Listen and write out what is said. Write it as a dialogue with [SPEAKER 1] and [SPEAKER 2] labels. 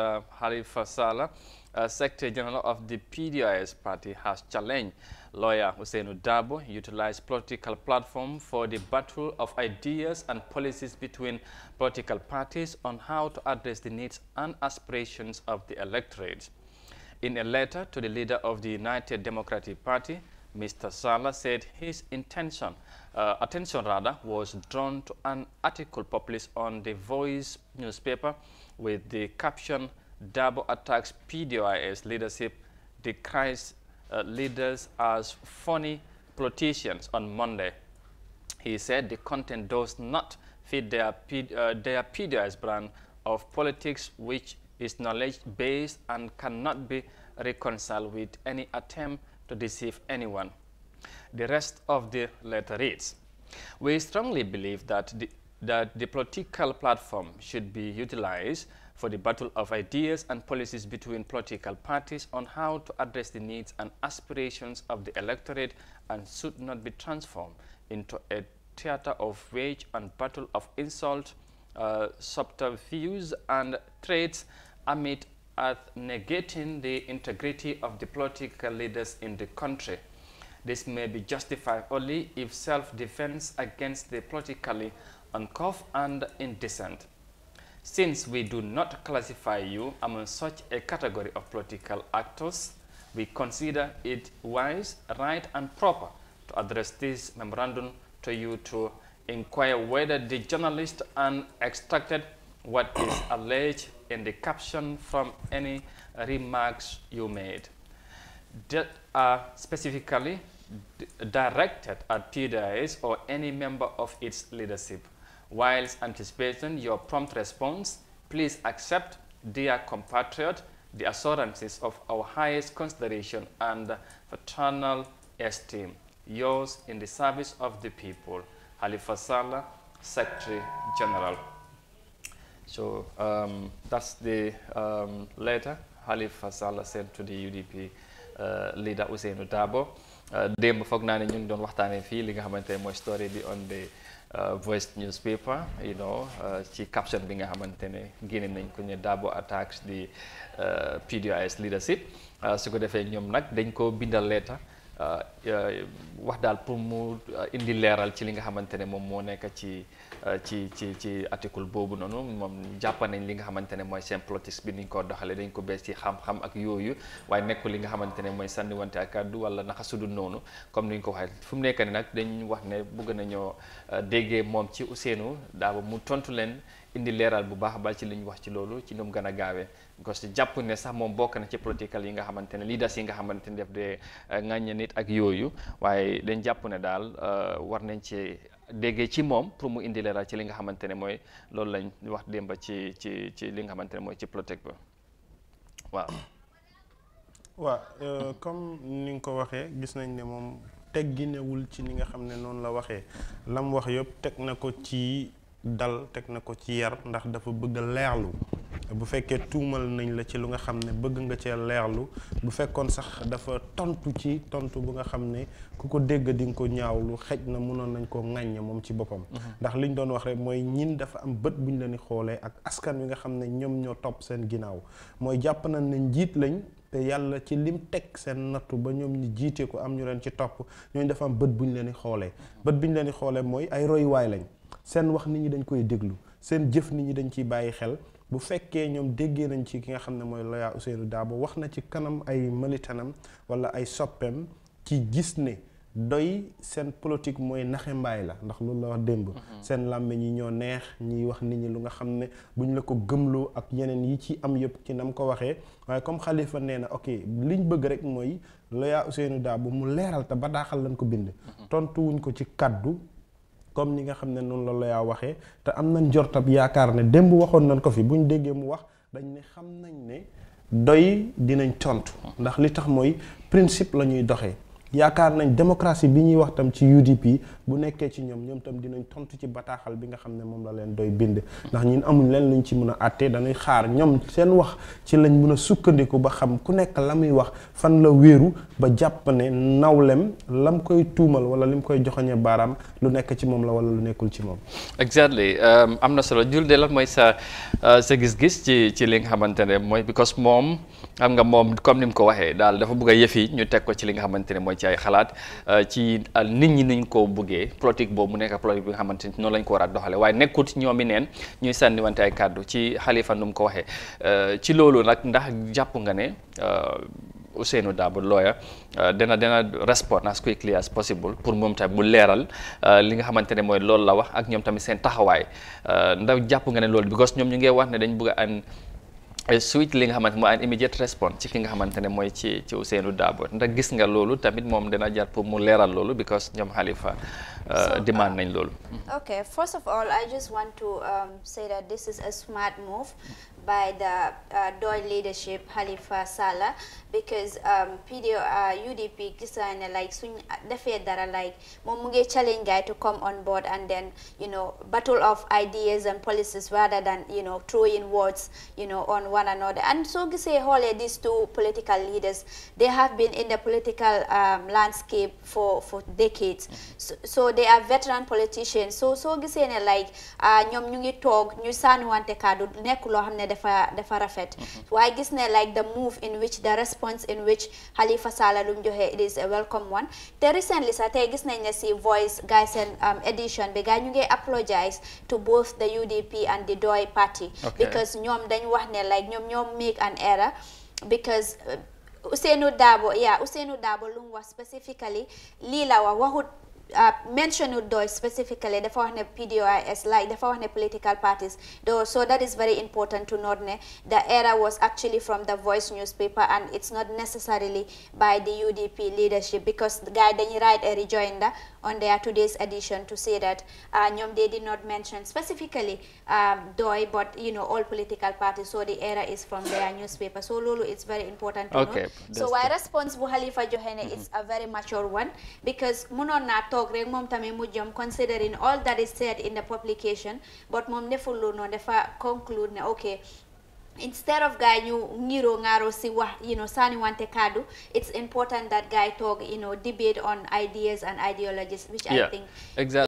[SPEAKER 1] Uh, Halifa Saleh, uh, Secretary General of the PDIS party, has challenged lawyer Hussein Udabo utilize political platform for the battle of ideas and policies between political parties on how to address the needs and aspirations of the electorate. In a letter to the leader of the United Democratic Party, Mr. Sala said his intention, uh, attention rather, was drawn to an article published on the Voice newspaper with the caption, "Double attacks PDIS leadership, decries uh, leaders as phony politicians on Monday. He said the content does not fit their, uh, their PDIS brand of politics, which is knowledge-based and cannot be reconciled with any attempt to deceive anyone. The rest of the letter reads, We strongly believe that the, that the political platform should be utilized for the battle of ideas and policies between political parties on how to address the needs and aspirations of the electorate and should not be transformed into a theater of wage and battle of insult, uh, subterfuge and threats amid at negating the integrity of the political leaders in the country. This may be justified only if self-defense against the politically uncouth and indecent. Since we do not classify you among such a category of political actors, we consider it wise, right and proper to address this memorandum to you to inquire whether the journalist and extracted what is alleged in the caption from any remarks you made that are specifically directed at PDIS or any member of its leadership. Whilst anticipating your prompt response, please accept, dear compatriot, the assurances of our highest consideration and fraternal esteem. Yours in the service of the people, Halifa Saleh, Secretary General. So um, that's the um, ähm, letter Halifa Sallah sent to the UDP uh, äh, leader Ousseynou Dabo äh, démb foog naa ne ñu ngi doon waxtaanee fii li nga xamante ne mooy story bi on the uh, voice newspaper you know uh, ci caption bi nga xamante ne génne nañ ko ñu Dabo attacks the uh, PDOIS leadership su ko defee ñoom nag dañ ko bindal letter Euh, euh, wax daal pour mu euh, indi leeral ci li nga xamante ne moom moo nekk ci ci ci ci article boobu noonu moom jàpp nañ li nga xamante ne mooy seen plotis bi niñ ko doxalee dañ ko bees ci xam-xam ak yooyu waaye nekkul li nga xamante ne mooy sànniwante ak kàddu wala naxa sudul noonu comme ni ñu ko waxee fu mu nekk ni nag dañ wax ne bëgg nañoo déggee moom ci Ousseynou daa mu tontu leen indi leeral bu baax bal ci li ñu wax ci loolu ci nu mu gën a gaawee parce jàpp ne sax moom bokk na ci political yi nga xamante ne leaders yi nga xamante ne def de eh, ŋàññe nit ak yooyu waaye dañ jàpp ne daal eh, war nañ ci déggee ci moom pour mu indi leeral ci li nga xamante ne mooy loolu lañ wax démba ci ci ci li nga xamante ne mooy ci protect ba waaw
[SPEAKER 2] waaw euh, comme ni nga ko waxee gis nañ ne moom tegginewul ci ni nga xam ne noonu la waxee lam wax yëpp teg na ko ci dal teg na ko ci yar ndax dafa bëgg leerlu bu fekkee tuumal nañ la ci lu nga xam ne bëgg nga cee leerlu bu fekkoon sax dafa tontu ci tontu bu nga xam ne ku ko dégg di nga ko lu xej na mënoon nañ ko ŋàññe moom ci boppam mhm. ndax li ñu doon wax rek mooy ñiin dafa am bët buñ la ni xoolee ak askan wi nga xam ne ñoom ñoo topp seen ginnaaw mooy jàpp nañ ne njiit lañ yàlla ci lim teg seen nattu ba ñoom ñu jiite ko am ñu leen ci topp ñooñu dafa bët buñ leen di xoolee mhm. bët buñ leen di xoolee mooy ay royuwaay lañ seen wax nit ñi dañ koy déglu seen jëf nit ñi dañ ciy bàyyi xel bu fekkee ñoom déggee nañ ci ki nga xam ne mooy Loya Ousseynou daabu wax na ci kanam ay malitanam wala ay soppeem ci gis ne doy seen politique mooy naxe mbaay la ndax lu la wax démb. Mhm. seen làmmiñ yi ñoo neex ñiy wax nit ñi lu nga xam ne buñ la ko gëmloo ak ñeneen yi ci am yëpp ci nam ko waxee waaye comme xalifa nee na ok liñ bëgg rek mooy Loya Ousseynou Dabo mu leeral te ba daaxal lañ ko bind. Mhm. comme ni nga xam ne noonu la la yaa waxee te am nañ jortab yaakaar ne démb waxoon nañ ko fi buñ déggee mu wax dañ ne xam nañ ne doy dinañ tontu ndax li tax mooy principe la ñuy doxee. yaakaar nañ démocratie bi ñuy wax tam ci UDP bu nekkee ci ñoom ñoom tam dinañ tontu ci bataaxal bi nga xam ne moom la leen doy bind ndax ñun amuñ leen luñ ci mën a àtte dañuy xaar ñoom seen wax ci lañ mun a sukkandiku ba xam ku nekk la muy wax fan la wéeru ba jàpp ne nawlem lam koy tuumal wala mu koy joxoñe baaraam lu nekk ci moom la wala lu nekkul ci moom.
[SPEAKER 1] exactly um, am na solo Jules de lan mooy sa uh, sa gis-gis ci ci li nga xamante ne mooy because moom. xam nga moom comme ni mu ko waxee daal dafa bëgg a yëf yi ñu teg ko ci li nga xamante ne mooy ci ay xalaat euh, ci nit ñi niñ ko buggee politique boobu mu nekk politique bi nga xamante ne noonu lañ ko war a doxale waaye nekkut ñoom i neen ñuy sànniwante ay kàddu ci xalifa nu mu ko waxee euh, ci loolu nag ndax jàpp nga ne euh, Ousseynou Dabo lawyer dina dina respond as quickly as pour moom tamit mu leeral li nga xamante ne mooy loolu la wax ak ñoom tamit seen taxawaay ndax jàpp nga ne loolu because ñoom ñu ngi wax ne dañ bëgg an Eh, suite li nga xamante mooy an immediate response ci ki nga xamante ne mooy ci ci Ousseynou Dabo ndax gis nga loolu tamit moom dina jar pour mu leeral loolu because ñoom Halifa eh, demand nañ loolu
[SPEAKER 3] first of all I just want to um, say that this is a smart move by the uh, Doi leadership Halifa Sala, because um, PDO UDP uh, gisana like suñ defee dara like Momuge challenge guy to come on board and then you know battle of ideas and policies rather than you know throwing words you know on one another and so say, xoolee these two political leaders they have been in the political um, landscape for for decades so, so they are veteran politicians so so you say, like uh, ñoom nyom nyungi toog ñu sànniwante kàddu nekk loo xam ne dafa dafa rafet waaye gis ne like the move in which the response in which Halifa Sallah lu mu joxe it is a welcome one te recently sax tey gis nañ ne si voice gaay seen um, edition bi gaay ñu ngi apologize to both the UDP and the Doi party because ñoom dañ wax ne like ñoom ñoom make an error because uh, Ousseynou Dabo yeah Ousseynou Dabo lu mu wax specifically lii la wax waxut uh, mentioned though specifically the foreign PDI as like the foreign political parties. Though, so that is very important to note. The error was actually from the Voice newspaper and it's not necessarily by the UDP leadership because the guy then write a rejoinder on their today's edition to say that uh, Nyom, they did not mention specifically um, DOI but you know all political parties so the error is from their newspaper. So Lulu it's very important to okay, note. So my response Buhalifa Johene mm -hmm. is a very mature one because Munon Talk. rek moom tamit mu jëm considering all that is said in the publication but Mom, deful lu noonu dafa conclude ne ok instead of guy you ngiro ngaro si you know sani wante kadu it's important that guy talk you know debate on ideas and ideologies which yeah, i think
[SPEAKER 1] exactly